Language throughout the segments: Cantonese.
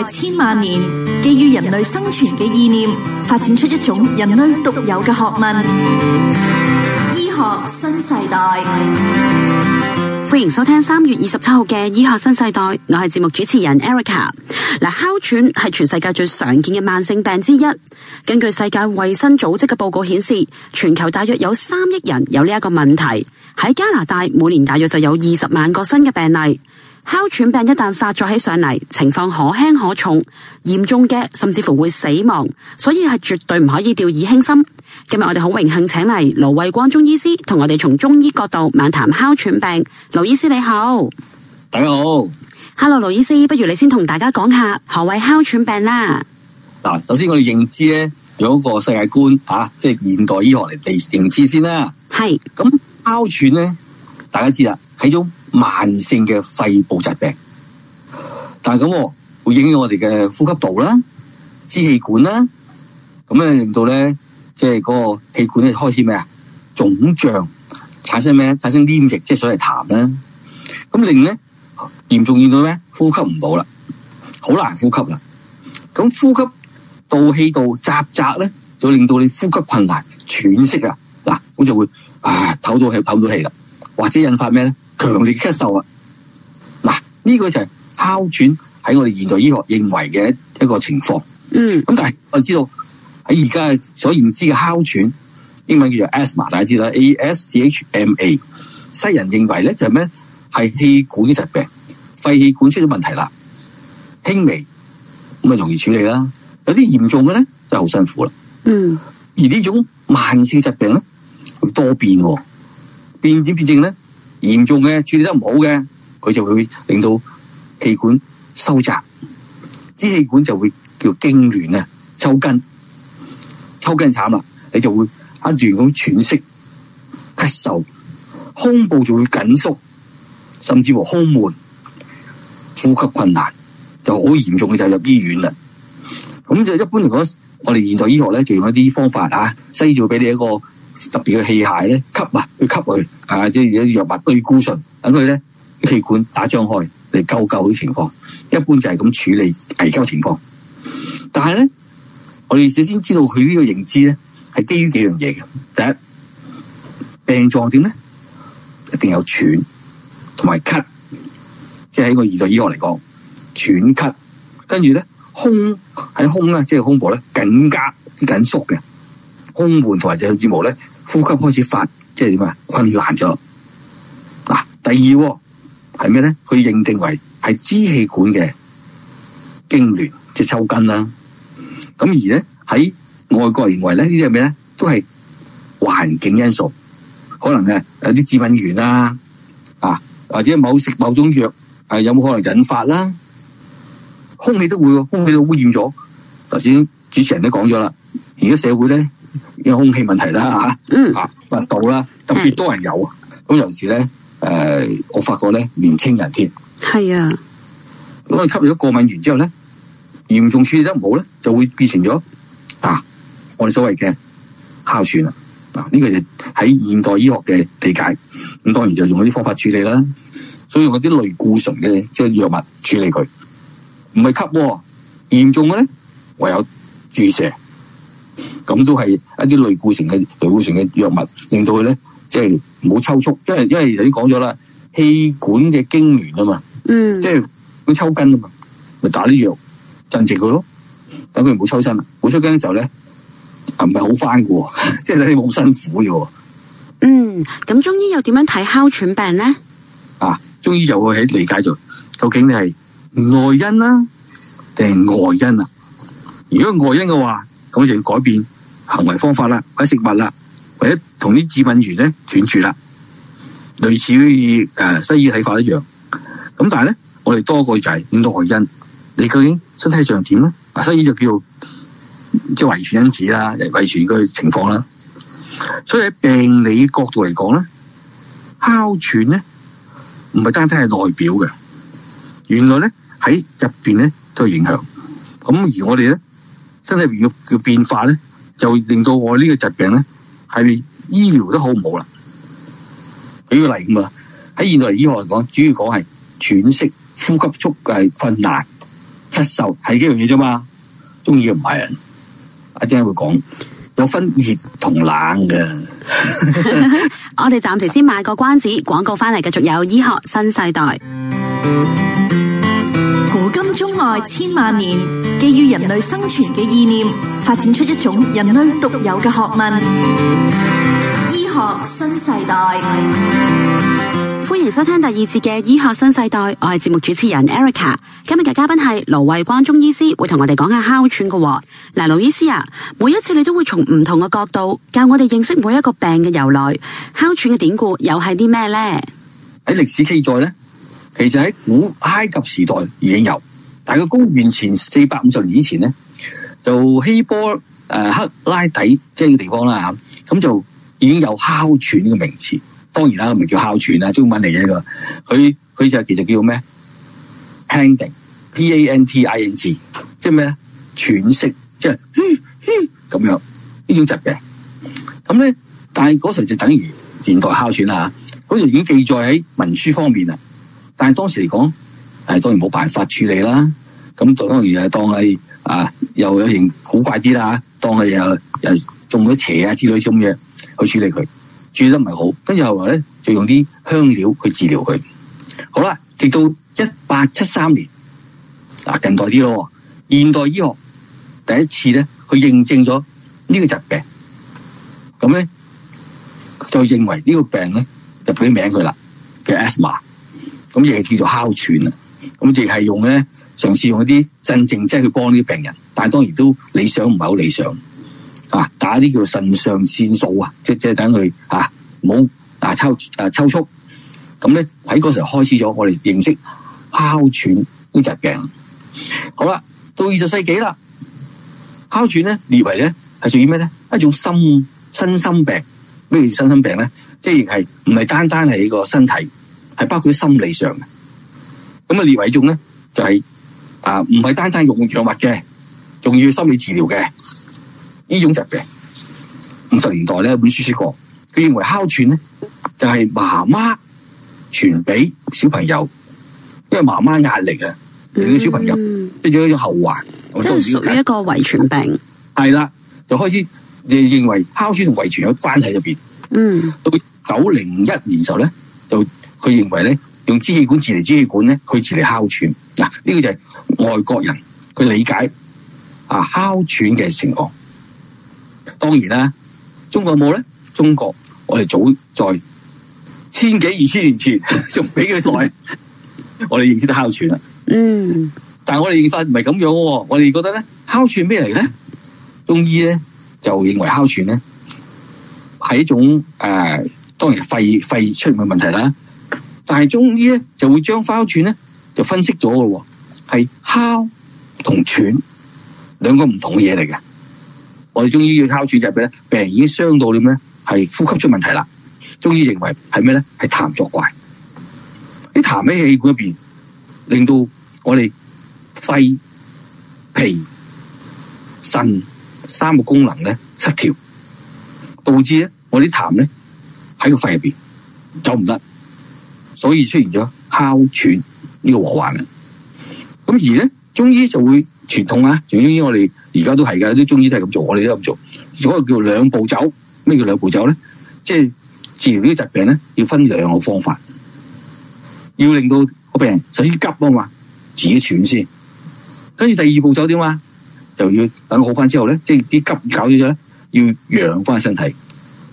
係千萬年基於人類生存嘅意念，發展出一種人類獨有嘅學問——醫學新世代。歡迎收聽三月二十七號嘅《醫學新世代》，我係節目主持人 Erica。哮喘係全世界最常見嘅慢性病之一。根據世界衛生組織嘅報告顯示，全球大約有三億人有呢一個問題。喺加拿大，每年大約就有二十萬個新嘅病例。哮喘病一旦發作起上嚟，情況可輕可重，嚴重嘅甚至乎會死亡，所以係絕對唔可以掉以輕心。今日我哋好榮幸請嚟盧衛光中醫師同我哋從中醫角度漫談哮喘病。盧醫師你好，大家好，Hello，盧醫師，不如你先同大家講下何謂哮喘病啦。嗱，首先我哋認知咧有一個世界觀啊，即係現代醫學嚟認知先啦。係咁哮喘咧，大家知啦，喺中。慢性嘅肺部疾病，但係咁會影響我哋嘅呼吸道啦、支氣管啦，咁咧令到咧即係嗰個氣管咧開始咩啊？腫脹，產生咩咧？產生黏液，即係所謂痰啦。咁令咧嚴重見到咩？呼吸唔到啦，好難呼吸啦。咁呼吸道氣道狹窄咧，就會令到你呼吸困難、喘息啊。嗱，咁就會啊，唞到氣唞到氣啦，或者引發咩咧？強烈咳嗽啊！嗱，呢、這個就係哮喘喺我哋現代醫學認為嘅一個情況。嗯，咁但係我知道喺而家所認知嘅哮喘，英文叫做 asthma，大家知啦，a s t h m a。S D h、m a，西人認為咧就係咩？係氣管嘅疾病，肺氣管出咗問題啦，輕微咁啊，容易處理啦。有啲嚴重嘅咧，就好辛苦啦。嗯，而呢種慢性疾病咧，會多變，變點變症咧。嚴重嘅處理得唔好嘅，佢就會令到氣管收窄，支氣管就會叫痙攣啊，抽筋，抽筋慘啦，你就會不斷咁喘息，咳嗽，胸部就會緊縮，甚至乎胸悶、呼吸困難，就好嚴重嘅就入醫院啦。咁就一般嚟講，我哋現代醫學咧就用一啲方法吓，西醫就會俾你一個。特別嘅器械咧吸啊，去吸佢，啊，即係如果藥物對固醇等佢咧氣管打張開嚟救救啲情況，一般就係咁處理危急情況。但係咧，我哋首先知道佢呢個認知咧係基於幾樣嘢嘅。第一病狀點咧，一定有喘同埋咳，即係喺個二代醫學嚟講，喘咳，跟住咧胸喺胸咧，即係胸部咧緊夾緊縮嘅。緊胸悶同埋就感毛咧，呼吸開始發，即係點啊？困難咗。嗱，第二係咩咧？佢認定為係支氣管嘅痙攣，即係抽筋啦。咁而咧喺外國認為咧，呢啲係咩咧？都係環境因素，可能嘅有啲致敏原啊，啊或者某食某種藥，誒有冇可能引發啦？空氣都會，空氣都污染咗。頭先主持人都講咗啦，而家社會咧。因為空氣問題啦吓，吓運動啦，特別多人有，咁有時咧，誒、呃，我發覺咧，年青人添，係啊，咁你吸入咗過敏原之後咧，嚴重處理得唔好咧，就會變成咗啊，我哋所謂嘅哮喘啊，呢、這個就喺現代醫學嘅理解，咁當然就用一啲方法處理啦，所以用嗰啲類固醇嘅即係藥物處理佢，唔係吸，嚴重嘅咧，唯有注射。咁都係一啲類固醇嘅類固醇嘅藥物，令到佢咧即係唔好抽搐，因為因為頭先講咗啦，氣管嘅痙攣啊嘛，即係、嗯、抽筋啊嘛，咪打啲藥鎮靜佢咯，等佢唔好抽身啦，冇抽筋嘅時候咧，啊唔係好翻噶，即係你冇辛苦嘅。嗯，咁中醫又點樣睇哮喘病咧？啊，中醫就會喺理解就究竟你係內因啦、啊、定外因啊？如果外因嘅話，咁就要改變行為方法啦，或者食物啦，或者同啲致敏源咧斷絕啦，類似於誒西醫睇法一樣。咁但係咧，我哋多一個就係內因，你究竟身體上點咧？啊，西醫就叫即係遺傳因子啦，遺傳嘅情況啦。所以喺病理角度嚟講咧，哮喘咧唔係單單係外表嘅，原來咧喺入邊咧都有影響。咁而我哋咧身體要要變化咧。就令到我呢個疾病咧，係醫療都好唔好啦？舉個例咁啊，喺現代醫學嚟講，主要講係喘息、呼吸速係困難、咳嗽，係幾樣嘢啫嘛。中醫唔係啊，阿姐會講有分熱同冷嘅。 我哋暫時先買個關子，廣告翻嚟，繼續有醫學新世代。今中外千萬年，基於人類生存嘅意念，發展出一種人類獨有嘅學問——醫學新世代。歡迎收聽第二節嘅《醫學新世代》，我係節目主持人 Erica。今日嘅嘉賓係盧衛光中醫師，會同我哋講下哮喘嘅。嗱，盧醫師啊，每一次你都會從唔同嘅角度教我哋認識每一個病嘅由來。哮喘嘅典故又係啲咩呢？喺歷史記載呢，其實喺古埃及時代已經有。大概公元前四百五十年以前咧，就希波誒克拉底即係呢個地方啦吓，咁就已經有哮喘呢個名詞。當然啦，唔係叫哮喘啦，中文嚟嘅，呢個。佢佢就其實叫咩？Panting，P-A-N-T-I-N-G，即係咩咧？喘息，即係咁樣，樣呢種疾病。咁咧，但係嗰時就等於現代哮喘啦吓，好似已經記載喺文書方面啦。但係當時嚟講。係當然冇辦法處理啦，咁當然係當係啊，又有型古怪啲啦，當係又又中咗邪啊之類咁嘢去處理佢，處理得唔係好，跟住後來咧就用啲香料去治療佢。好啦，直到一八七三年，啊近代啲咯，現代醫學第一次咧去認證咗呢個疾病，咁咧就認為呢個病咧就俾名佢啦，叫 Asthma。咁亦叫做哮喘啊。我哋係用咧，嘗試用一啲鎮靜劑去幫啲病人，但係當然都理想唔係好理想啊！打啲叫腎上腺素啊，即係即係等佢唔好啊抽啊抽搐。咁咧喺嗰時候開始咗，我哋認識哮喘呢疾病。好啦，到二十世紀啦，哮喘咧列為咧係屬於咩咧？呢一種心身心，心病，咩叫身心病咧？即係係唔係單單係呢個身體，係包括心理上嘅。咁啊！列為一種咧，就係、是、啊，唔、呃、係單單用藥物嘅，仲要心理治療嘅。呢種疾病，五十年代咧，本書說過，佢認為哮喘咧，就係媽媽傳俾小朋友，因為媽媽壓力啊，令到、嗯、小朋友即係一種後患。即係屬於一個遺傳病。係啦，就開始認為、嗯、認為哮喘同遺傳有關係入邊。嗯。到佢九零一年時候咧，就佢認為咧。用支氣管治療，支氣管咧，去治療哮喘。嗱，呢個就係外國人佢理解啊哮喘嘅情況。當然啦，中國冇咧？中國我哋早在千幾二千年前，仲比佢耐，我哋認識得哮喘啦。嗯，但係我哋認識唔係咁樣，我哋覺得咧，哮喘咩嚟咧？中醫咧就認為哮喘咧係一種誒、呃，當然肺肺出現嘅問題啦。但係中醫咧就會將哮喘咧就分析咗嘅，係哮同喘兩個唔同嘅嘢嚟嘅。我哋中醫要哮喘就係咩咧？病人已經傷到點咧，係呼吸出問題啦。中醫認為係咩咧？係痰作怪。啲痰喺氣管入邊，令到我哋肺、脾、腎三個功能咧失調，導致咧我啲痰咧喺個肺入邊走唔得。所以出現咗哮喘呢個禍患啦。咁而咧中醫就會傳統啊，仲中醫我哋而家都係噶，啲中醫都係咁做，我哋都咁做。所謂叫兩步走，咩叫兩步走咧？即係治療呢啲疾病咧，要分兩個方法，要令到個病人首先急啊嘛，自己喘先。跟住第二步走點啊？就要等好翻之後咧，即係啲急搞咗咗咧，要養翻身體。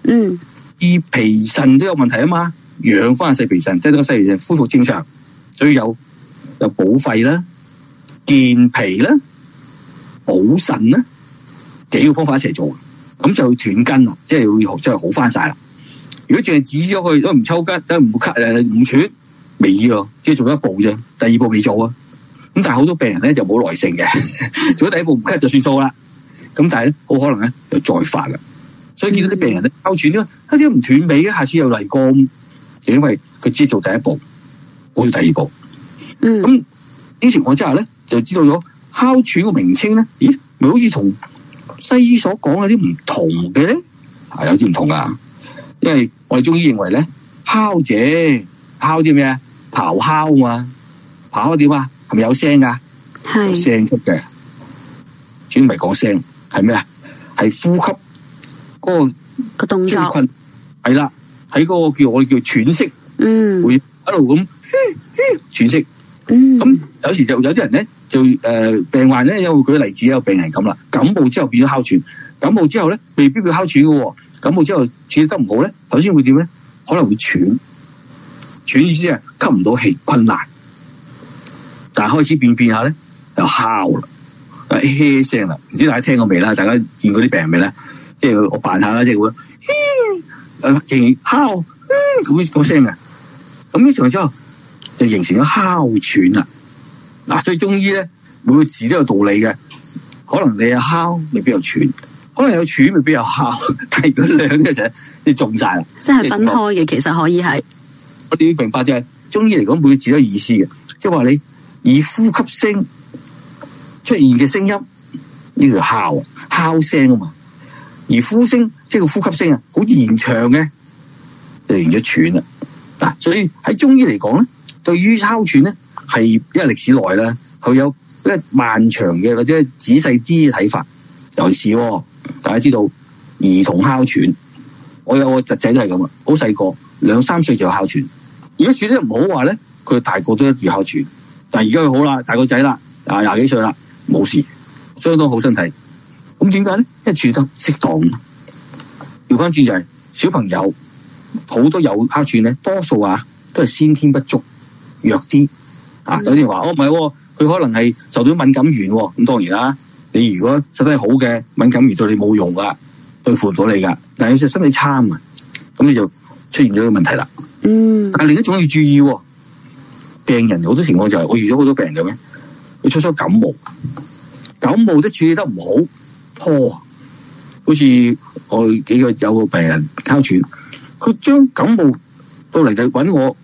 嗯，而脾腎都有問題啊嘛。養翻個細皮腎，即係個細皮腎恢復正常，所以有有補肺啦、健脾啦、補腎啦，幾個方法一齊做，咁就會斷根啦，即係會即係好翻晒啦。如果淨係止咗佢，都唔抽筋，都唔咳，誒唔喘，未啊，即係做咗一步啫，第二步未做啊。咁但係好多病人咧就冇耐性嘅，做咗第一步唔咳就算數啦。咁但係咧，好可能咧就再發啦。所以見到啲病人咧哮喘呢，一啲唔斷尾，下次又嚟過。就因為佢只做第一步，我做第二步。嗯，咁呢情況之下咧，就知道咗哮喘個名稱咧，咦，咪好似同西醫所講嘅啲唔同嘅咧？係有啲唔同噶，嗯、因為我哋中醫認為咧，哮者哮啲咩？咆哮啊，咆哮點啊？係咪有聲啊？係是聲出嘅，主要咪講聲係咩啊？係呼吸嗰、嗰個個動作，係啦。喺嗰個叫我哋叫喘息，嗯，會一路咁、嗯、喘息，咁、嗯、有時就有啲人咧就誒、呃、病患咧，會舉例子，有病人係咁啦，感冒之後變咗哮喘，感冒之後咧未必會哮喘嘅，感冒之後處理得唔好咧，頭先會點咧，可能會喘，喘意思係吸唔到氣困難，但係開始變變下咧又哮啦，誒嘿聲啦，唔知大家聽過未啦？大家見過啲病未咧？即係我扮下啦，即係咁。竟然哮咁嗰聲嘅，咁呢場之後就形成咗哮喘啦。嗱，所以中醫咧每個字都有道理嘅，可能你有哮未必有喘，可能有喘未必有哮，但如果兩者你中晒啦，即係分開嘅，其實可以係。我哋要明白就係中醫嚟講每個字都有意思嘅，即係話你以呼吸聲出現嘅聲音呢叫做哮，哮聲啊嘛，而呼聲。即係個呼吸聲啊，好延長嘅，就完咗喘啦嗱、啊。所以喺中醫嚟講咧，對於哮喘咧係因為歷史內啦，佢有一係漫長嘅或者仔細啲嘅睇法。尤其是，大家知道兒童哮喘，我有個侄仔都係咁啊，好細個兩三歲就有哮喘。如果處理得唔好話咧，佢大個都一要哮喘。但係而家佢好啦，大個仔啦，廿廿幾歲啦，冇事，相當好身體。咁點解咧？因為喘得適當。翻轉就係、是、小朋友好多有哮喘咧，多數啊都係先天不足弱啲啊。有啲話哦唔係，佢、哦、可能係受到敏感源咁，咁當然啦。你如果身體好嘅敏感源，對你冇用噶，對付唔到你噶。嗱，有時身體差啊，咁你就出現咗個問題啦。嗯，但另一種要注意，病人好多情況就係、是、我遇咗好多病人嘅咩？佢初初感冒，感冒都處理得唔好，拖、哦、好似～我幾個有個病人哮喘，佢將感冒到嚟就揾我，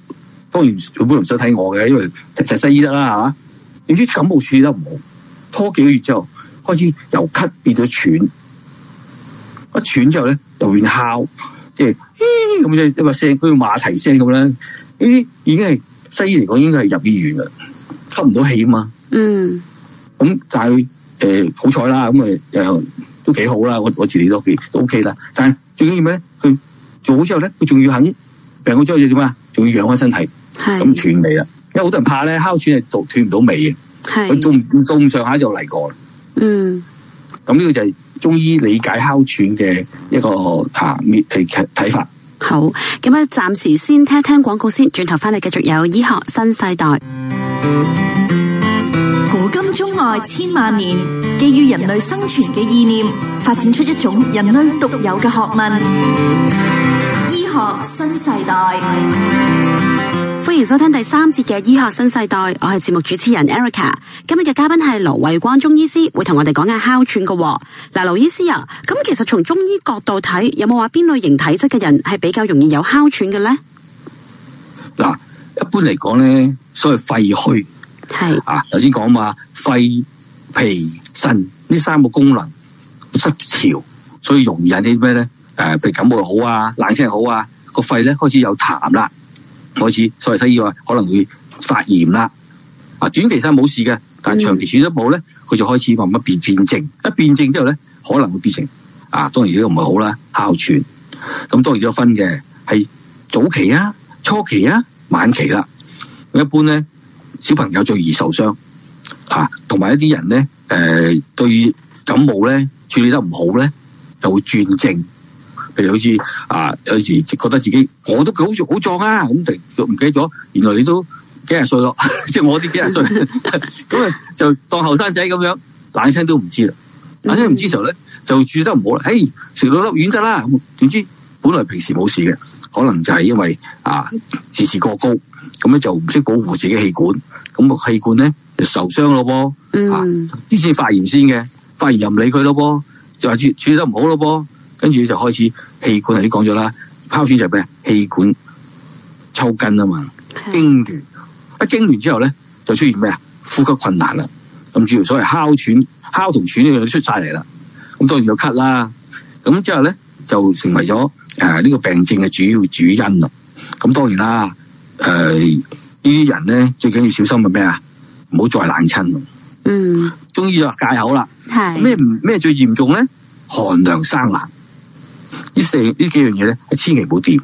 當然佢本唔想睇我嘅，因為就就西醫得啦吓。點知感冒處理得唔好，拖幾個月之後開始由咳變咗喘，一喘之後咧又變哮，即係咁樣就一個聲，嗰個馬蹄聲咁啦，已經係西醫嚟講應該係入醫院嘅，吸唔到氣啊嘛。嗯，咁但係誒好彩啦，咁、呃、啊又。幾好啦，我我自己都幾都 OK 啦。但係最緊要咩咧？佢做好之後咧，佢仲要肯病好之後要點啊？仲要養翻身體，咁斷尾啦。因為好多人怕咧，哮喘係斷斷唔到尾嘅。係佢仲咁上下就嚟過啦。嗯，咁呢個就係中醫理解哮喘嘅一個吓面誒睇法。好，咁啊，暫時先聽一聽廣告先，轉頭翻嚟繼續有醫學新世代。金中外千萬年，基於人類生存嘅意念，發展出一種人類獨有嘅學問——醫學新世代。歡迎收聽第三節嘅《醫學新世代》，我係節目主持人 Erica。今日嘅嘉賓係盧偉光中醫師，會同我哋講下哮喘嘅。嗱，盧醫師啊，咁其實從中醫角度睇，有冇話邊類型體質嘅人係比較容易有哮喘嘅呢？嗱，一般嚟講呢，所謂肺虛。係、嗯、啊，頭先講話，肺、脾、腎呢三個功能失調，所以容易引起咩咧？誒、啊，譬如感冒又好啊，冷清又好啊，個肺咧開始有痰啦，開始，所謂西以西醫話可能會發炎啦。啊，短期上冇事嘅，但係長期處得冇咧，佢就開始慢慢變、嗯、變症，一變症之後咧，可能會變成啊，當然呢個唔係好啦，哮喘。咁、啊、當然都分嘅，係早期啊、初期啊、晚期啦、啊。一般咧。小朋友最易受傷，啊，同埋一啲人咧，誒、呃，對感冒咧處理得唔好咧，就會轉症。譬如好似啊，有時覺得自己我都好好壯啊，咁就唔記咗，原來你都幾廿歲咯，即係、就是、我啲幾廿歲，咁啊 就當後生仔咁樣，冷親都唔知啦，冷親唔知時候咧就處理得唔好啦。誒、嗯，食到粒丸得啦，點知本來平時冇事嘅，可能就係因為啊，自視過高，咁咧就唔識保護自己氣管。咁氣管咧就受傷咯噃，啲先、嗯啊、發炎先嘅，發炎又唔理佢咯噃，就係處處理得唔好咯噃，跟住就開始氣管，你講咗啦，哮喘就係咩啊？氣管抽筋啊嘛，痙攣的，一痙攣之後咧，就出現咩啊？呼吸困難啦，咁主要所謂哮喘，哮同喘都出晒嚟啦。咁當然有咳啦，咁之後咧就成為咗誒呢個病症，嘅主要主因啦。咁當然啦，誒、呃。呢啲人咧最緊要小心咪咩啊？唔好再冷親。嗯，終於又戒口啦。係咩是？咩最嚴重咧？寒涼生冷，四呢四呢幾樣嘢咧，千祈唔好掂。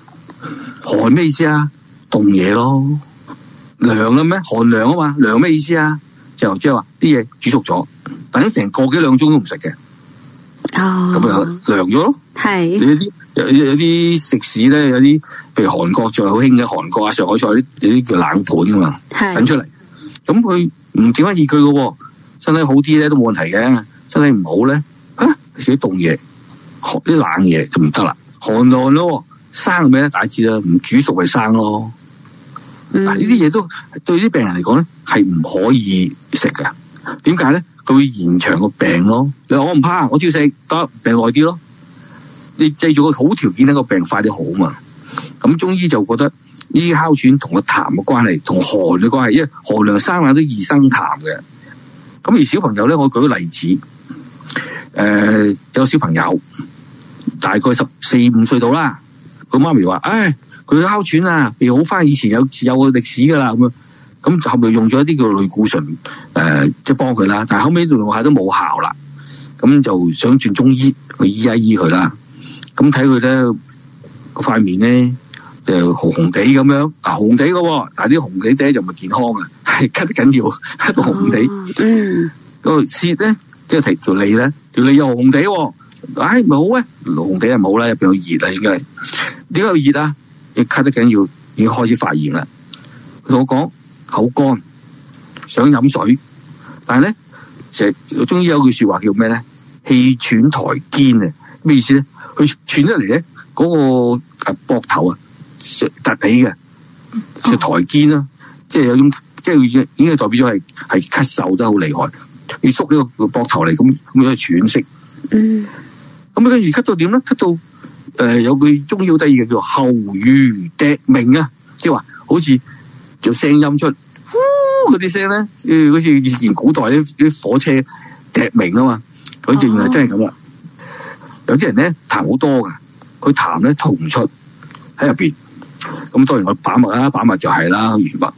寒咩意思啊？凍嘢咯，涼啊咩？寒涼啊嘛，涼咩意思啊？就即係話啲嘢煮熟咗，等成個幾兩鐘都唔食嘅，咁、哦、就涼咗咯。係是你啲有些有啲食肆咧，有啲譬如韓國最好興嘅，韓國啊上海菜啲有啲叫冷盤噶嘛，揾是出嚟咁佢唔整翻熱佢嘅？身體好啲咧都冇問題嘅，身體唔好咧啊食啲凍嘢，學啲冷嘢就唔得啦，寒涼咯。生咩咧？大致啦，唔煮熟咪生咯。嗯，呢啲嘢都對啲病人嚟講咧係唔可以食嘅。點解咧？佢會延長個病咯。你話我唔怕，我照食，得病耐啲咯。你製造個好條件，呢個病快啲好嘛？咁中醫就覺得呢啲哮喘同個痰嘅關係，同寒嘅關係，因為寒涼生冷都易生痰嘅。咁而小朋友咧，我舉個例子，誒、呃，有個小朋友大概十四五歲到啦，佢媽咪話：，誒、哎，佢哮喘啊，未好翻以前有有個歷史噶啦。咁樣咁後咪用咗一啲叫類固醇誒，即、呃、係幫佢啦。但係後尾一路下都冇效啦，咁就想轉中醫去醫一醫佢啦。咁睇佢咧，個塊面咧就紅紅地咁樣，啊紅地嘅、哦，但係啲紅地姐就唔係健康嘅，係咳得緊要，咳到、嗯、紅地，嗯，嗯呢個舌咧即係條條脷咧，條脷又紅紅地喎、哦。唉、哎，咪好啊，紅地係冇啦，入面有熱熱啊，應該點解會熱啊？要咳得緊要，已經開始發炎啦。同我講口乾，想飲水，但係咧，成終於有句說話叫咩咧？氣喘抬肩啊，咩意思咧？佢喘出嚟咧，嗰、那個誒膊頭啊，突起嘅，叫抬肩啦、啊，哦、即係有種，即係已經代表係係咳嗽得好厲害，要縮呢個膊頭嚟，咁咁樣，樣去喘息。嗯，咁跟住咳到點咧？咳到誒、呃，有句中醫好得意嘅叫喉如笛鳴啊，即係話好似就聲音出，嗰啲、哦、聲咧，好似以前古代啲啲火車笛鳴啊嘛，佢仲係真係咁啦。有啲人咧，痰好多噶，佢痰咧吐唔出喺入邊，咁當然我把脈啦，把脈就係啦，懸脈。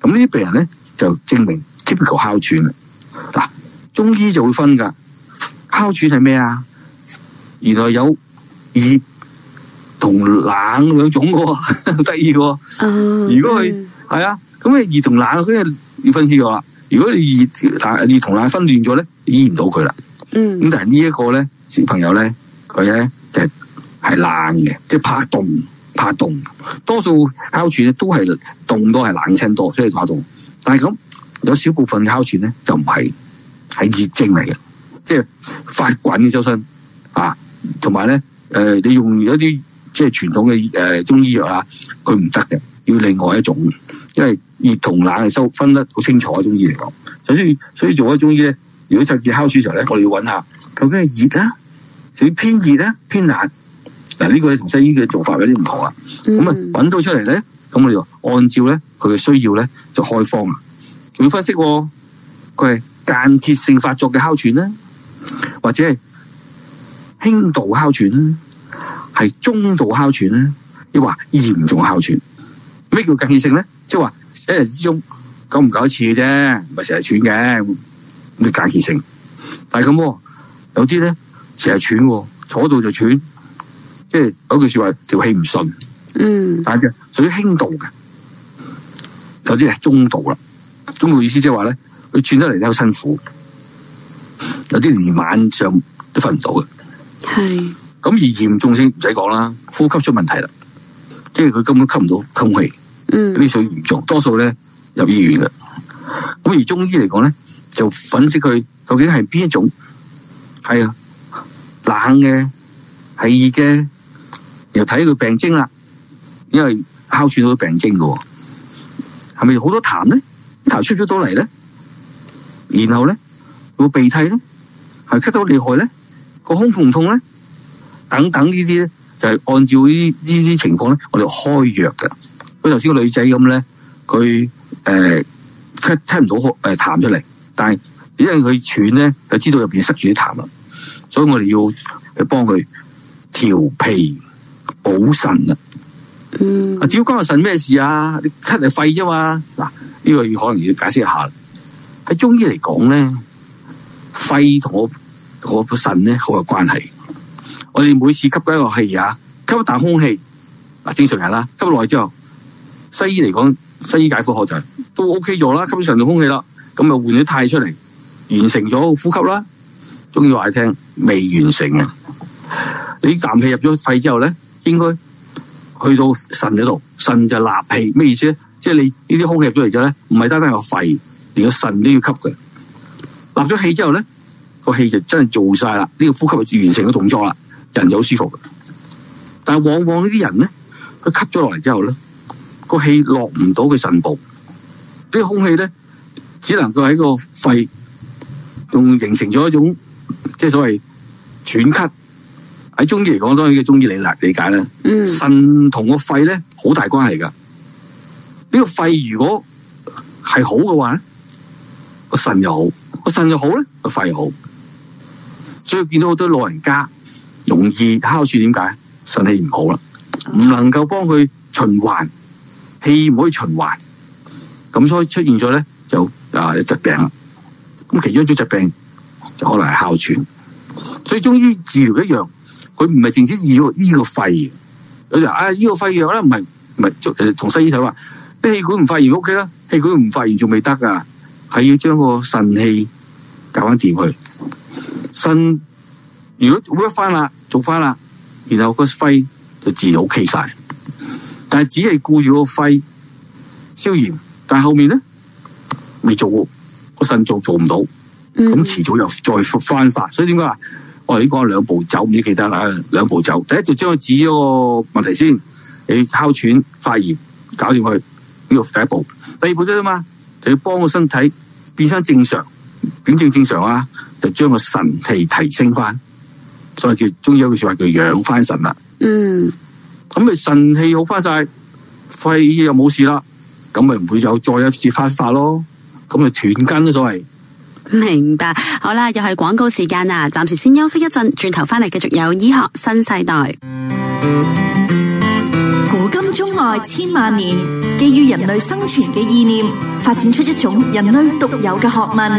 咁呢啲病人咧就證明 typical 哮喘啦。嗱、啊，中醫就會分噶哮喘係咩啊？原來有熱同冷兩種嘅、哦，得意嘅。如果佢係啊，咁你熱同冷跟住要分清咗啦。如果你熱熱同冷分亂咗咧，醫唔到佢啦。咁就係呢一個咧。小朋友咧，佢咧就係冷嘅，即係怕凍，怕凍。多數哮喘咧都係凍多，係冷清多，所以怕凍。但係咁有少部分哮喘咧就唔係係熱症嚟嘅，即係發滾嘅周身啊。同埋咧，誒、呃，你用一啲即係傳統嘅誒中醫藥啊，佢唔得嘅，要另外一種，因為熱同冷係分得好清楚，中醫嚟講。所以所以做咗中醫咧，如果出現哮喘時候咧，我哋要揾下究竟係熱啦、啊。屬於偏熱咧，偏辣，嗱，呢個同西醫嘅做法有啲唔同啊。咁啊、嗯，揾到出嚟咧，咁我哋就按照咧佢嘅需要咧就開方啊。仲要分析、哦，佢係間歇性發作嘅哮喘咧，或者係輕度哮喘咧，係中度哮喘咧，亦話嚴重哮喘。咩叫間歇性咧？即係話一日之中久唔久一次啫，唔係成日喘嘅，咩叫間歇性。但係咁、哦，有啲咧。成日喘，坐到就喘，即係有句說話，條氣唔順。嗯，但係即係屬於輕度嘅，有啲係中度啦。中度意思即係話咧，佢喘得嚟都好辛苦，有啲連晚上都瞓唔到嘅。係咁是而嚴重性唔使講啦，呼吸出問題啦，即係佢根本吸唔到空氣。嗯，啲水嚴重，多數咧入醫院嘅。咁而中醫嚟講咧，就分析佢究竟係邊一種係啊。冷嘅係熱嘅，又睇佢病徵啦。因為哮喘到多病徵嘅，係咪好多痰咧？啲痰出咗到嚟咧，然後咧個鼻涕咧係咳得好厲害咧，個胸痛唔痛咧，等等呢啲咧就係、是、按照呢呢啲情況咧，我哋開藥嘅。咁頭先個女仔咁咧，佢誒咳聽唔到誒痰出嚟，但係因為佢喘咧，就知道入邊塞住啲痰啦。所以我哋要去幫佢調脾補腎啊！啊，調肝腎咩事啊？你咳係肺啫嘛！嗱，呢、這個可能要解釋一下。喺中醫嚟講咧，肺同我我個腎咧好有關係。我哋每次吸緊一個氣啊，吸一啖空氣。嗱，正常人啦，吸落去之後，西醫嚟講，西醫解剖學就都 OK 咗啦，吸咗常量空氣啦，咁啊換咗太出嚟，完成咗個呼吸啦。嗯中意話你聽未完成啊！你啖氣入咗肺之後咧，應該去到腎嗰度，腎就納氣，咩意思咧？即係你呢啲空氣入咗嚟之後咧，唔係單單係個肺，連個腎都要吸嘅。納咗氣之後咧，個氣就真係做晒啦，呢個呼吸就完成個動作啦，人就好舒服。但係往往呢啲人咧，佢吸咗落嚟之後咧，個氣落唔到佢腎部，呢啲空氣咧，只能夠喺個肺，仲形成咗一種。即係所謂喘咳，喺中醫嚟講，當然嘅中醫理論理解啦。腎同個肺咧，好大關係噶。呢個肺如果係好嘅話，個腎又好，個腎又好咧，個肺又好。所以見到好多老人家容易哮喘，點解？腎氣唔好啦，唔能夠幫佢循環，氣唔可以循環，咁所以出現咗咧就啊疾病啦。咁其中一種疾病，可能係哮喘，所以中醫治療一樣，佢唔係淨止要醫呢個肺炎，佢就啊呢、這個肺炎咧唔係唔係同西醫睇話，啲氣管唔發炎 ok 啦，氣管唔發炎仲未得噶，係要將個腎氣搞翻掂去，腎如果 work 翻啦，做翻啦，然後肺然個肺就治療 ok 晒，但係只係顧住個肺消炎，但係後面咧未做個腎做做唔到。咁遲、嗯、早又再復發，所以點解啊我哋講兩步走，唔知其他啦。兩步走，第一就將佢治嗰個問題先，你哮喘、肺炎搞掂佢，呢個第一步。第二步啫、就、嘛、是，就要幫個身體變翻正常，點正正常啊？就將個腎氣提升翻，所以叫中醫有句說話叫養翻腎啦。嗯，咁咪腎氣好翻晒，肺又冇事啦，咁咪唔會再有再一次復發咯，咁咪斷根啦，所謂。明白，好啦，又係廣告時間喇。暫時先休息一陣，轉頭翻嚟繼續有醫學新世代。古今中外千萬年，基於人類生存嘅意念，發展出一種人類獨有嘅學問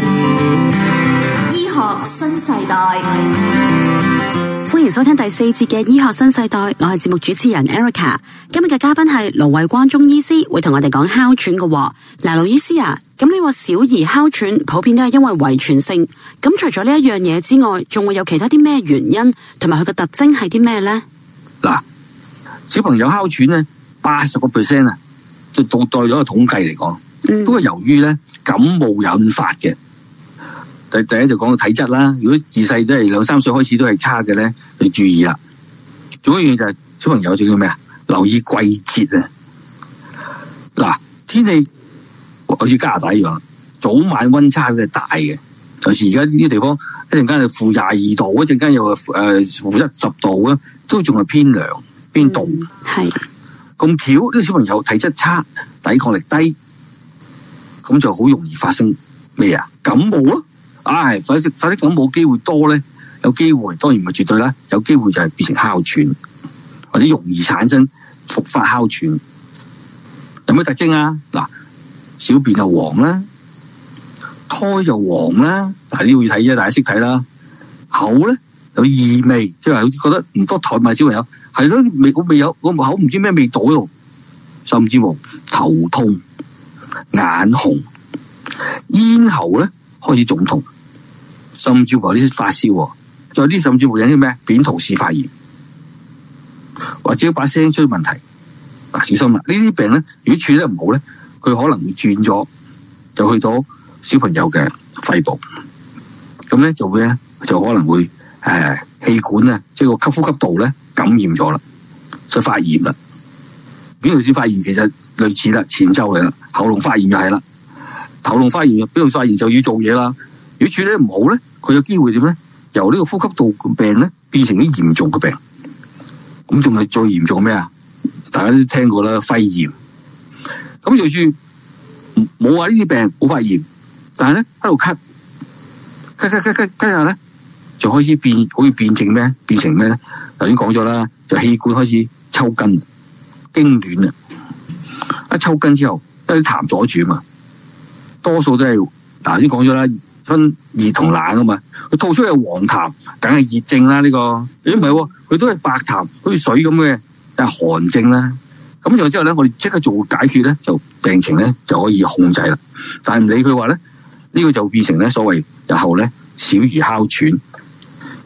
——醫學新世代。歡迎收聽第四節嘅醫學新世代，我係節目主持人 Erica。今日嘅嘉賓係盧衛光中醫師，會同我哋講哮喘嘅。嗱，盧醫師啊，咁你話小兒哮喘普遍都係因為遺傳性，咁除咗呢一樣嘢之外，仲會有其他啲咩原因，同埋佢嘅特徵係啲咩呢？嗱，小朋友哮喘咧，八十個 percent 啊，就到代咗個統計嚟講，都係、嗯、由於咧感冒引發嘅。第一就講到體質啦，如果自細都係兩三歲開始都係差嘅咧，就注意啦。仲有一樣就係小朋友就叫咩啊？留意季節啊！嗱，天氣好似加拿大一樣，早晚溫差都係大嘅。好似而家呢啲地方一陣間係負廿二度，一陣間又誒負一十度啦，都仲係偏涼偏凍。係咁、嗯、巧呢？這個、小朋友體質差，抵抗力低，咁就好容易發生咩啊？感冒咯、啊。唉，反正反正咁冇機會多咧，有機會當然唔係絕對啦。有機會就係變成哮喘，或者容易產生復發哮喘。有咩特徵啊？嗱，小便又黃啦，胎又黃啦。嗱，呢要睇啫，大家識睇啦。口咧有異味，即係好似覺得唔多台埋小朋友，係咯，未未有個口唔知咩味道喺度，甚至乎頭痛、眼紅、咽喉咧開始腫痛。甚至乎有啲發燒，仲有啲甚至乎引啲咩扁桃腺發炎，或者把聲出問題，嗱，小心啦！呢啲病咧，如果處理得唔好咧，佢可能會轉咗，就去到小朋友嘅肺部，咁咧就會咧就可能會誒氣管啊，管即係個吸呼吸道咧感染咗啦，所以發炎啦。扁桃腺發炎其實類似啦，前周嘅啦，喉嚨發炎就係啦，喉嚨發炎，扁桃腺發炎就要做嘢啦。如果處理唔好咧，佢有機會點咧？由呢個呼吸道病咧，變成啲嚴重嘅病。咁仲係最嚴重咩啊？大家都聽過啦，肺炎。咁就算冇話呢啲病冇肺炎，但係咧喺度咳咳咳咳咳跟下咧，就開始變，好似變成咩？變成咩咧？頭先講咗啦，就氣管開始抽筋、痙攣啊！一抽筋之後，啲痰阻住啊嘛，多數都係，頭先講咗啦。分熱同冷噶嘛？佢吐出係黃痰，梗係熱症啦。呢、這個咦，唔係、啊，佢都係白痰，好似水咁嘅，就寒症啦。咁樣之後咧，我哋即刻做解決咧，就病情咧就可以控制啦。但係唔理佢話咧，呢、這個就變成咧所謂日後咧小兒哮喘，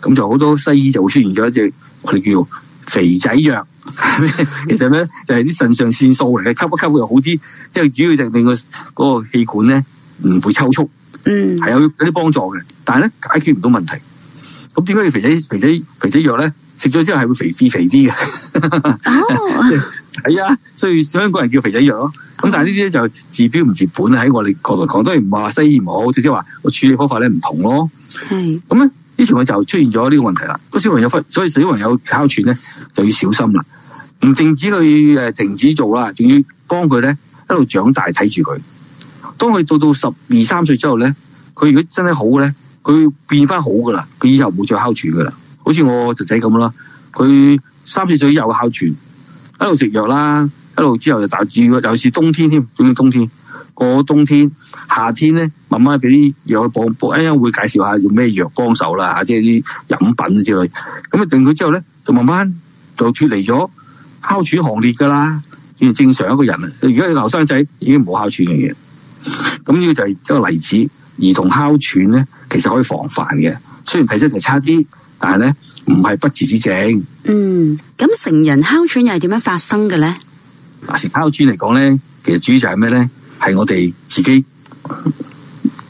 咁就好多西醫就會出現咗一隻我哋叫肥仔藥。 其實咧就係啲腎上腺素嚟嘅，吸一吸又好啲，即、就、係、是、主要就令個嗰個氣管咧唔會抽搐。嗯，係有有啲幫助嘅，但係咧解決唔到問題。咁點解要肥仔肥仔肥仔藥咧？食咗之後係會肥啲、肥啲嘅，係 啊、oh.，所以香港人叫肥仔藥咯。咁、oh. 但係呢啲就治標唔治本，喺我哋角度講，當然唔話西醫唔好，直接話我處理方法咧唔同咯。係咁咧，呢次我就出現咗呢個問題啦。個小朋友發，所以小朋友哮喘咧就要小心啦，唔淨止佢誒停止做啦，仲要幫佢咧一路長大睇住佢。當佢到到十二三歲之後咧，佢如果真係好嘅咧，佢變翻好噶啦，佢以後冇再哮喘噶啦。好似我侄仔咁啦，佢三四歲又哮喘，一路食藥啦，一路之後就大致尤其是冬天添，仲要冬天過冬天，夏天咧慢慢俾啲藥去幫補，呀，會介紹下用咩藥幫手啦，吓、啊，即係啲飲品之類。咁啊，定佢之後咧，就慢慢就脫離咗哮喘行列噶啦，變正常一個人啦，而家嘅後生仔已經冇哮喘嘅嘢。咁呢個就係一個例子，兒童哮喘咧，其實可以防範嘅。雖然體質係差啲，但係咧唔係不治之症。嗯，咁成人哮喘又係點樣發生嘅咧？成哮喘嚟講咧，其實主要就係咩咧？係我哋自己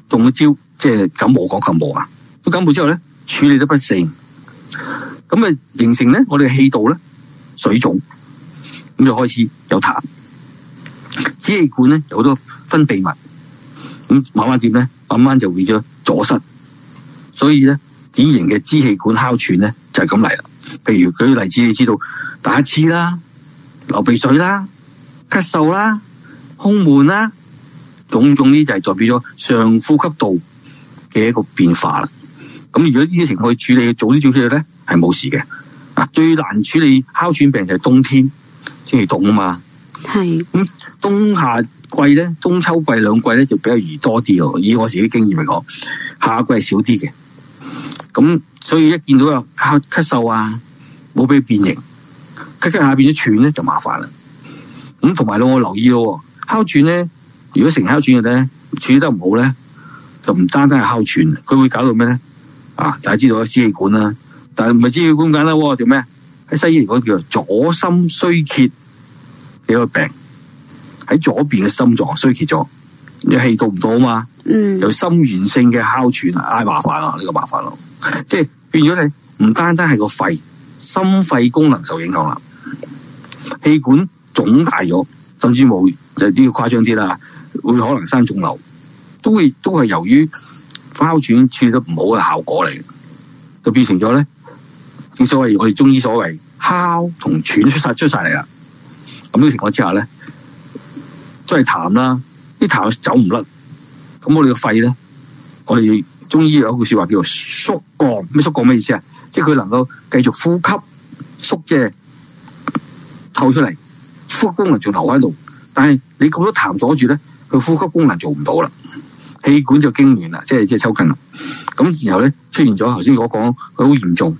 中咗招，即係感冒講感冒啊，都感冒之後咧處理得不善，咁啊形成咧我哋嘅氣道咧水腫，咁就開始有痰。支氣管咧有好多分泌物，咁慢慢點咧，慢慢就變咗阻塞，所以咧典型嘅支氣管哮喘咧就係咁嚟啦。譬如舉例子，你知道打次啦、流鼻水啦、咳嗽啦、胸悶啦，種種呢就係代表咗上呼吸道嘅一個變化啦。咁如果呢啲情況去處理，早啲處理咧，係冇事嘅。啊，最難處理哮喘病就係冬天，天氣凍啊嘛。係咁是冬夏季咧，冬秋季兩季咧就比較易多啲哦。以我自己經驗嚟講，夏季係少啲嘅。咁所以一見到有咳咳嗽啊，冇俾佢變形，咳咳下變咗喘咧就麻煩啦。咁同埋咧，我留意咯，哮喘咧，如果成哮喘嘅咧，處理得唔好咧，就唔單單係哮喘，佢會搞到咩咧？啊，大家知道支氣管啦，但係唔係支氣管梗啦，什麼在叫咩？喺西醫嚟講叫左心衰竭。幾個病喺左邊嘅心臟衰竭咗，你氣到唔到啊嘛？嗯，由心源性嘅哮喘唉麻煩啦，麻煩啦，呢個麻煩咯，即係變咗你唔單單係個肺，心肺功能受影響啦，氣管腫大咗，甚至冇，呢個誇張啲啦，會可能生腫瘤，都係都係由於哮喘處理得唔好嘅效果嚟嘅，就變成咗咧，正所謂我哋中醫所謂哮同喘出晒出晒嚟啦。咁呢個情況之下咧，真係痰啦，啲痰走唔甩。咁我哋個肺咧，我哋中醫有一句說話叫做縮降，咩縮降咩意思啊？即係佢能夠繼續呼吸縮嘅透出嚟，呼吸功能仲留喺度。但係你咁多痰阻住咧，佢呼吸功能做唔到啦，氣管就痙攣啦，即係即係抽筋啦。咁然後咧出現咗頭先我講佢好嚴重，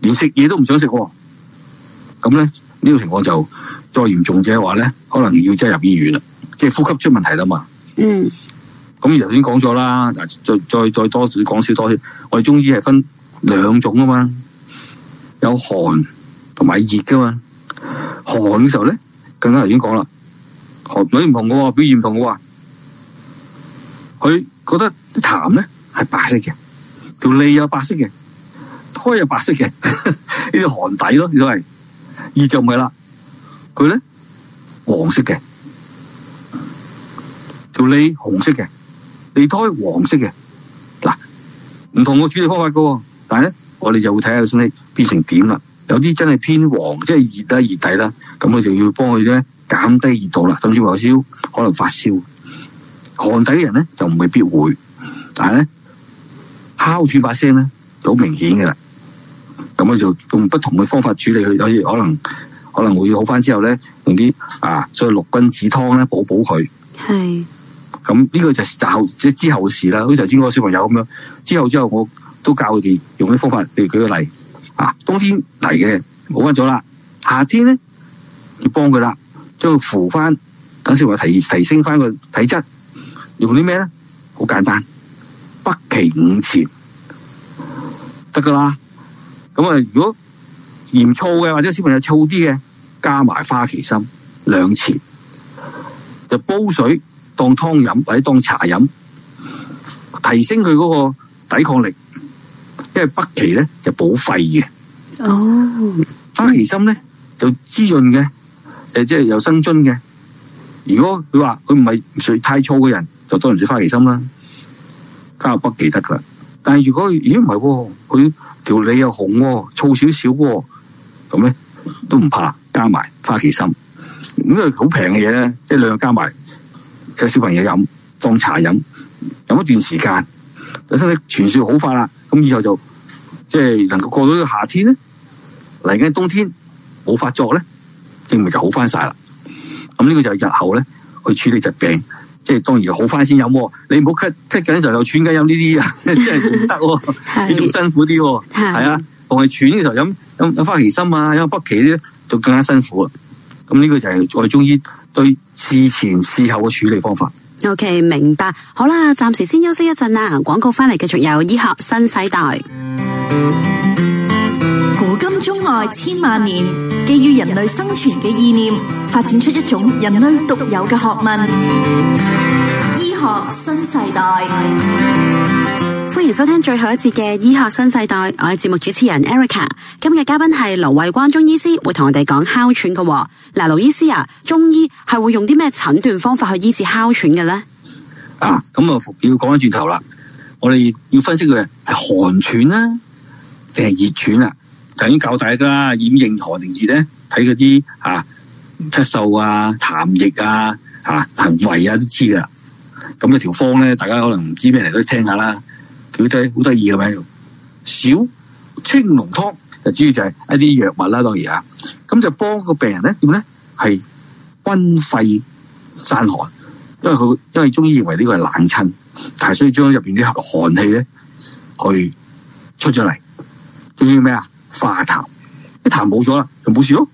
連食嘢都唔想食。咁咧呢、呢個情況就。再嚴重嘅話咧，可能要真係入醫院啦，即係呼吸出問題啦嘛。嗯，咁你頭先講咗啦，再再再多講少多一，我哋中醫係分兩種噶嘛，有寒同埋熱噶嘛。寒嘅時候咧，更加頭先講啦，寒女唔同嘅表現唔同嘅話，佢覺得痰咧係白色嘅，條脷有白色嘅，胎有白色嘅，呢 啲寒底咯，都係熱就唔係啦。佢咧黃色嘅，條脷紅色嘅，脷苔黃色嘅，嗱，唔同個處理方法噶，但係咧我哋就會睇下個身體變成點啦，有啲真係偏黃，即係熱啦，熱底啦，咁我就要幫佢咧減低熱度啦，甚至發燒，可能發燒。寒底嘅人咧就未必會，但係咧哮喘把聲咧就好明顯嘅啦，咁我就用不同嘅方法處理佢，可以可能。可能會好翻之後咧，用啲啊，所以六君子湯咧補補佢。係。咁呢個就後即係之後嘅事啦。好似頭先嗰個小朋友咁樣，之後之後我都教佢哋用啲方法。譬如舉個例，啊，冬天嚟嘅冇翻咗啦，夏天咧要幫佢啦，將佢扶翻，等小朋友提提升翻個體質。用啲咩咧？好簡單，北芪五錢得噶啦。咁啊，如果嫌燥嘅或者小朋友燥啲嘅。加埋花旗參兩匙，就煲水當湯飲或者當茶飲，提升佢嗰個抵抗力。因為北芪咧就補肺嘅，哦，oh. 花旗參咧就滋潤嘅，誒，即係有生津嘅。如果佢話佢唔係太燥嘅人，就當然食花旗參啦，加北芪得噶。但係如果咦唔係，佢條脷又紅，啊，燥少少，咁咧都唔怕。加埋花旗參，咁因為好平嘅嘢咧，一兩加埋，有小朋友飲當茶飲，飲一段時間，等身體全少好快啦，咁以後就即係能夠過到呢個夏天咧，嚟緊冬天冇發作咧，證明就好翻晒啦。咁呢個就係日後咧去處理疾病，即係當然好翻先飲，你唔好咳咳緊嘅時候又喘緊飲呢啲啊，即係唔得，你仲 的辛苦啲，係啊，當係喘嘅時候飲飲花旗參啊，飲北芪啲。就更加辛苦啊！咁、這、呢個就係我哋中醫對事前事後嘅處理方法。O、okay, K，明白。好啦，暫時先休息一陣啦。廣告翻嚟，繼續有醫學新世代。古今中外千萬年，基於人類生存嘅意念，發展出一種人類獨有嘅學問——醫學新世代。歡迎收聽最後一節嘅醫學新世代，我係節目主持人 Erica。今日嘅嘉賓係盧衛光中醫師，會同我哋講哮喘嘅。嗱，盧醫師啊，中醫係會用啲咩診斷方法去醫治哮喘嘅咧？啊，咁啊，要講翻轉頭啦。我哋要分析佢係寒喘啦、啊，定係熱喘啊？頭先教大家染型寒定熱咧，睇嗰啲啊，咳嗽啊，痰液啊，吓行為啊，都知噶啦。咁呢條方咧，大家可能唔知咩嚟，都聽下啦。小劑好得意嘅咩？小青龍湯就主要就係一啲藥物啦，當然啊，咁就幫個病人咧點咧係温肺散寒，因為佢因為中醫認為呢個係冷親，但係所以將入邊啲寒氣咧去出咗嚟，仲要咩啊化痰，一痰冇咗啦，就冇事咯。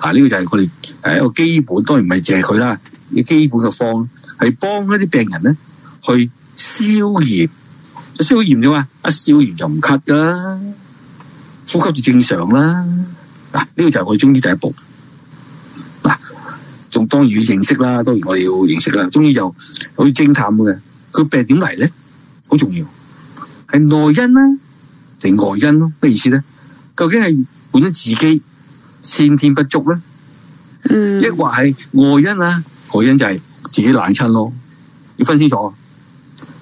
嗱、啊，呢、呢個就係佢哋誒一個基本，當然唔係淨係佢啦，啲基本嘅方係幫一啲病人咧去消炎。消炎咗啊！一笑完就唔咳噶啦，呼吸就正常啦。嗱、啊，呢個就係我哋中醫第一步。嗱、啊，仲當然要認識啦，當然我哋要認識啦。中醫就好似偵探嘅，佢病點嚟咧？好重要，係內因啦、啊，定外因咯、啊？咩意思咧？究竟係本身自己先天不足咧、啊？抑或係外因啊？外因就係自己冷親咯，要分清楚、啊。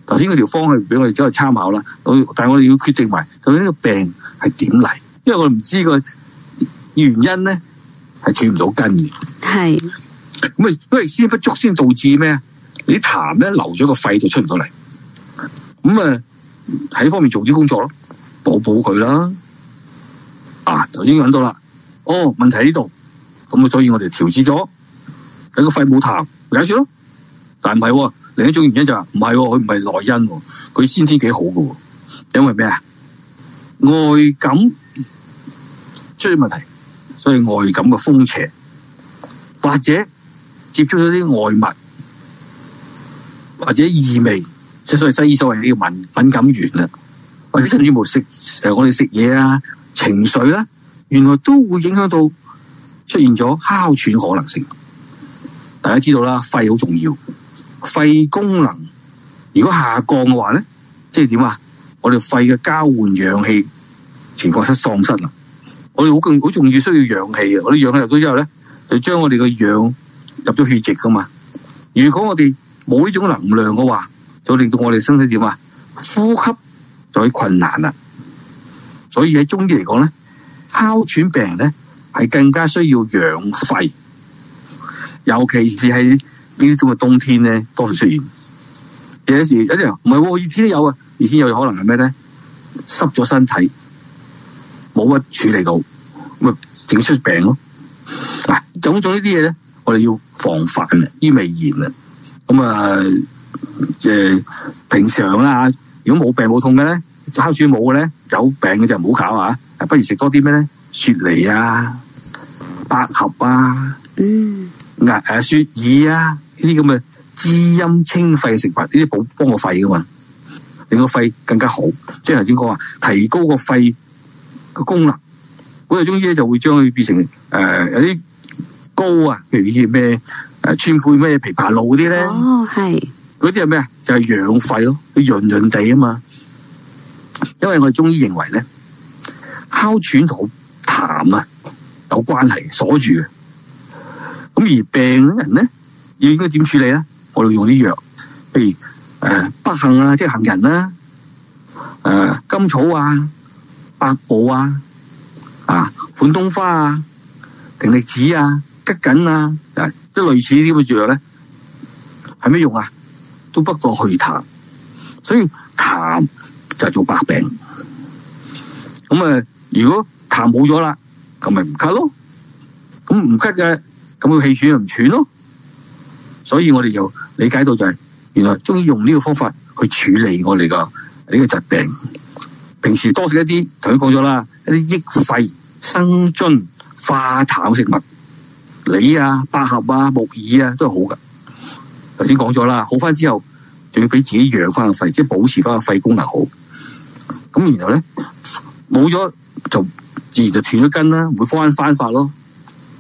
頭先嗰條方係俾我哋走去參考啦，但係我哋要決定埋究竟個病係點嚟，因為我哋唔知個原因咧係斷唔到根嘅。係咁啊，因為先不足先導致咩？啲痰咧留咗個肺出就出唔到嚟。咁啊喺呢方面做啲工作咯，補補佢啦。啊，頭先講到啦，哦，問題喺呢度，咁啊，所以我哋調節咗，等個肺冇痰，咪解決咯。但唔係喎。另一種原因就係唔係，佢唔係內因，佢先天幾好嘅，因為咩啊？外感出現問題，所以外感嘅風邪，或者接觸咗啲外物，或者異味，即所謂西醫所謂嘅敏敏感源啊，或者甚至乎食誒，我哋食嘢啊，情緒咧，原來都會影響到出現咗哮喘可能性。大家知道啦，肺好重要。肺功能如果下降嘅話咧，即係點啊？我哋肺嘅交換氧氣全部失喪失啦。我哋好重好重要需要氧氣啊，我哋氧氣入咗之後咧，就將我哋嘅氧入咗血液噶嘛。如果我哋冇呢種能量嘅話，就令到我哋身體點啊？呼吸就會困難啦。所以喺中醫嚟講咧，哮喘病咧係更加需要養肺，尤其是係。呢啲咁嘅冬天咧，多數出現，有時有啲唔係，熱、哎哦、天都有啊。熱天有可能係咩咧？濕咗身體，冇乜處理到，咁咪整出病咯、啊。嗱、啊，種種這些東西呢啲嘢咧，我哋要防範啦，於未然啦。咁啊，即、呃、係、呃、平常啦。如果冇病冇痛嘅咧，哮喘冇嘅咧，有病嘅就唔好搞啊。不如食多啲咩咧？雪梨啊，百合啊，嗯，誒誒、啊，雪耳啊。呢啲咁嘅滋陰清肺嘅食物，呢啲補幫我肺噶嘛，令個肺更加好。即係頭先講話提高個肺個功能，古代中醫咧就會將佢變成誒、呃、有啲膏啊，譬如咩誒川貝咩枇杷露啲咧。哦，係。嗰啲係咩啊？就係、是、養肺咯，佢潤潤地啊嘛。因為我哋中醫認為咧，哮喘同痰啊有關係，鎖住嘅、啊。咁而病人咧。要應該點處理咧？我哋用啲藥，譬如誒、呃，北杏啊，即係杏仁啦，誒、呃，甘草啊，百部啊，啊，款冬花啊，葶藶子啊，桔梗啊，誒、啊，即係類似藥呢啲嘅藥咧，係咩用啊？都不過去痰，所以痰就係做百病。咁誒，如果痰冇咗啦，咁咪唔咳咯。咁唔咳嘅，咁、個氣喘就唔喘咯。所以我哋就理解到就係原來中醫用呢個方法去處理我哋嘅呢個疾病。平時多食一啲，頭先講咗啦，一啲益肺生津化痰食物，梨啊、百合啊、木耳啊都係好噶。頭先講咗啦，好翻之後，仲要俾自己養翻個肺，即係保持翻個肺功能好。咁然後咧，冇咗就自然就斷咗根啦，唔會翻翻發咯。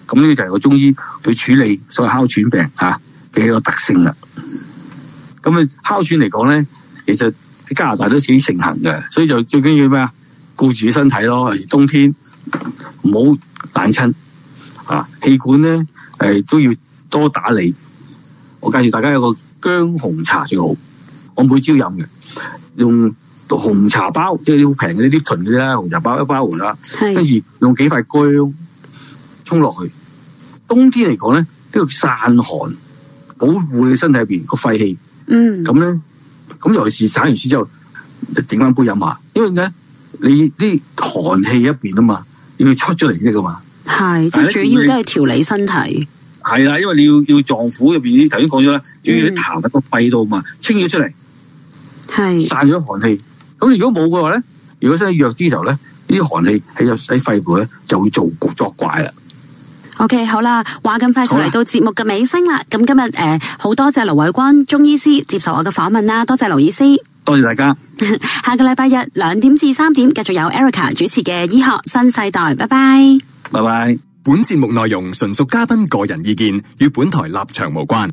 咁呢個就係個中醫去處理所謂哮喘病吓。幾個特性啦，咁啊哮喘嚟講咧，其實喺加拿大都幾盛行嘅，所以就最緊要咩啊？顧住身體咯，冬天唔好冷親啊，氣管咧誒、呃、都要多打理。我介紹大家有個薑紅茶最好，我每朝飲嘅，用紅茶包，即係啲好平嘅呢啲囤嗰啲啦，紅茶包一包完啦，是跟住用幾塊薑沖落去。冬天嚟講咧都要散寒。保護你身體入邊、那個肺氣，嗯，咁咧，咁尤其是散完屎之後，整翻杯飲下，因為咧，你啲寒氣入邊啊嘛，你要出咗嚟先噶嘛，係是，即係主要都係調理身體，係啦，因為你要要臟腑入邊，頭先講咗啦，主要行得個肺度嘛，嗯、清咗出嚟，係是，散咗寒氣，咁如果冇嘅話咧，如果身體弱啲就咧，啲寒氣喺喺肺部咧就會做作怪啦。OK，好啦，話咁快就嚟到節目嘅尾聲啦。咁了今日誒，好、呃、多謝劉偉光中醫師接受我嘅訪問啦，多謝劉醫師。多謝大家。 下個禮拜日兩點至三點，繼續有 Erica 主持嘅醫學新世代。拜拜。拜拜 bye。本節目內容純屬嘉賓個人意見，與本台立場無關。